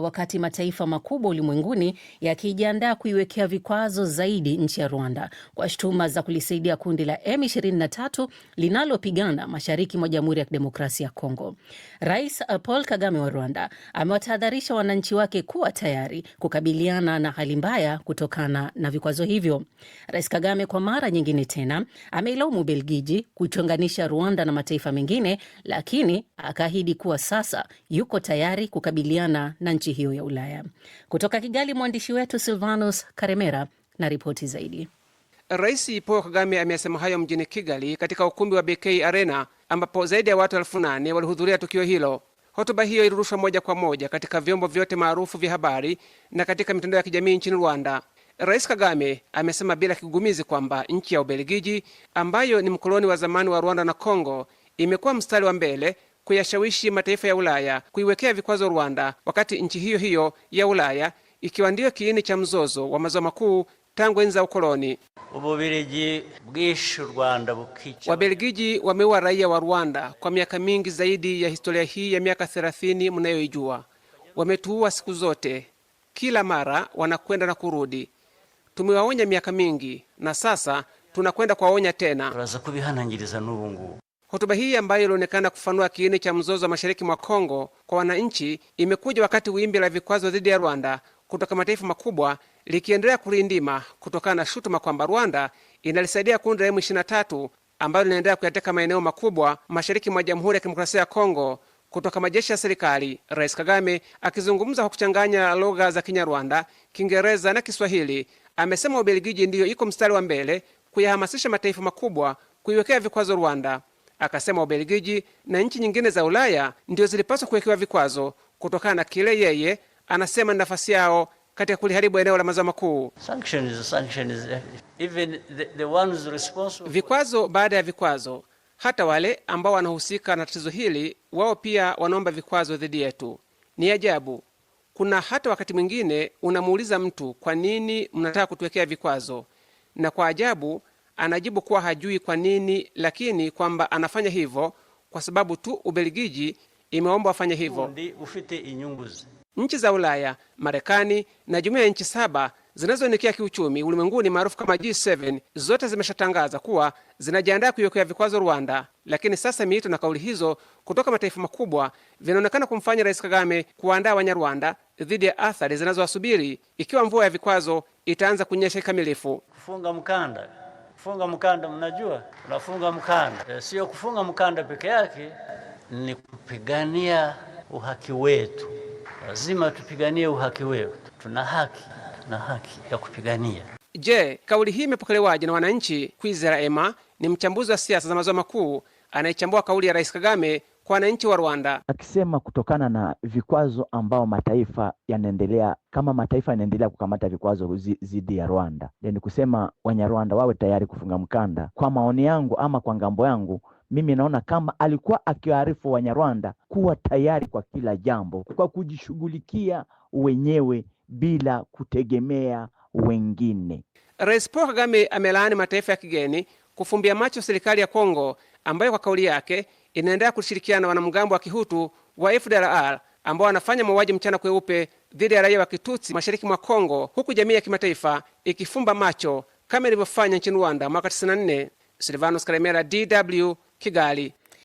Wakati mataifa makubwa ulimwenguni yakijiandaa kuiwekea vikwazo zaidi nchi ya Rwanda kwa shutuma za kulisaidia kundi la M23 linalopigana mashariki mwa Jamhuri ya Kidemokrasia ya Kongo. Rais uh, Paul Kagame wa Rwanda amewatahadharisha wananchi wake kuwa tayari kukabiliana na hali mbaya kutokana na vikwazo hivyo. Rais Kagame kwa mara nyingine tena ameilaumu Ubelgiji kuchonganisha Rwanda na mataifa mengine, lakini akaahidi kuwa sasa yuko tayari kukabiliana na nchi nchi hiyo ya Ulaya. Kutoka Kigali, mwandishi wetu Silvanus Karemera na ripoti zaidi. Rais Paul Kagame amesema hayo mjini Kigali katika ukumbi wa BK Arena ambapo zaidi ya watu elfu nane walihudhuria tukio hilo. Hotuba hiyo ilirushwa moja kwa moja katika vyombo vyote maarufu vya habari na katika mitandao ya kijamii nchini Rwanda. Rais Kagame amesema bila kigugumizi kwamba nchi ya Ubelgiji ambayo ni mkoloni wa zamani wa Rwanda na Kongo imekuwa mstari wa mbele kuyashawishi mataifa ya Ulaya kuiwekea vikwazo Rwanda, wakati nchi hiyo hiyo ya Ulaya ikiwa ndiyo kiini cha mzozo wa mazao makuu tangu enzi za ukoloni. Wabelgiji wameua raia wa Rwanda kwa miaka mingi zaidi ya historia hii ya miaka 30 mnayoijua. Wametuua siku zote, kila mara wanakwenda na kurudi. Tumewaonya miaka mingi, na sasa tunakwenda kuwaonya tena. Hotuba hii ambayo ilionekana kufanua kiini cha mzozo wa mashariki mwa Kongo kwa wananchi imekuja wakati wimbi la vikwazo dhidi ya Rwanda kutoka mataifa makubwa likiendelea kulindima kutokana na shutuma kwamba Rwanda inalisaidia kundi la M23 ambalo linaendelea kuyateka maeneo makubwa mashariki mwa Jamhuri ya Kidemokrasia ya Kongo kutoka majeshi ya serikali. Rais Kagame akizungumza kwa kuchanganya lugha za Kinyarwanda, Kiingereza na Kiswahili amesema Ubelgiji ndiyo iko mstari wa mbele kuyahamasisha mataifa makubwa kuiwekea vikwazo Rwanda. Akasema Ubelgiji na nchi nyingine za Ulaya ndio zilipaswa kuwekewa vikwazo kutokana na kile yeye anasema ni nafasi yao katika kuliharibu eneo la maziwa makuu. Vikwazo baada ya vikwazo, hata wale ambao wanahusika na tatizo hili wao pia wanaomba vikwazo dhidi yetu. Ni ajabu, kuna hata wakati mwingine unamuuliza mtu, kwa nini mnataka kutuwekea vikwazo? Na kwa ajabu anajibu kuwa hajui kwa nini, lakini kwamba anafanya hivyo kwa sababu tu Ubelgiji imeomba wafanye hivyo. Nchi za Ulaya, Marekani na jumuiya ya nchi saba zinazoinukia kiuchumi ulimwenguni maarufu kama G7 zote zimeshatangaza kuwa zinajiandaa kuiwekea vikwazo Rwanda. Lakini sasa miito na kauli hizo kutoka mataifa makubwa vinaonekana kumfanya Rais Kagame kuwaandaa Wanyarwanda dhidi ya athari zinazowasubiri ikiwa mvua ya vikwazo itaanza kunyesha kikamilifu. kufunga mkanda Kufunga mkanda, mnajua unafunga mkanda e, sio kufunga mkanda peke yake, ni kupigania uhaki wetu. Lazima tupiganie uhaki wetu, tuna haki tuna haki ya kupigania. Je, kauli hii imepokelewaje na wananchi? Kwizera Emma ni mchambuzi wa siasa za maziwa makuu anayechambua kauli ya Rais Kagame kwa wananchi wa Rwanda, akisema kutokana na vikwazo ambao mataifa yanaendelea kama mataifa yanaendelea kukamata vikwazo dhidi ya Rwanda, ni kusema Wanyarwanda wawe tayari kufunga mkanda. Kwa maoni yangu ama kwa ngambo yangu mimi naona kama alikuwa akiwaarifu Wanyarwanda kuwa tayari kwa kila jambo, kwa kujishughulikia wenyewe bila kutegemea wengine. Rais Paul Kagame amelaani mataifa ya kigeni kufumbia macho serikali ya Kongo ambayo kwa kauli yake inaendelea kushirikiana na wanamgambo wa kihutu wa FDLR ambao wanafanya mauaji mchana kweupe dhidi ya raia wa kitutsi mashariki mwa Kongo, huku jamii ya kimataifa ikifumba macho kama ilivyofanya nchini Rwanda mwaka 94. Silvanus Karemera, DW, Kigali.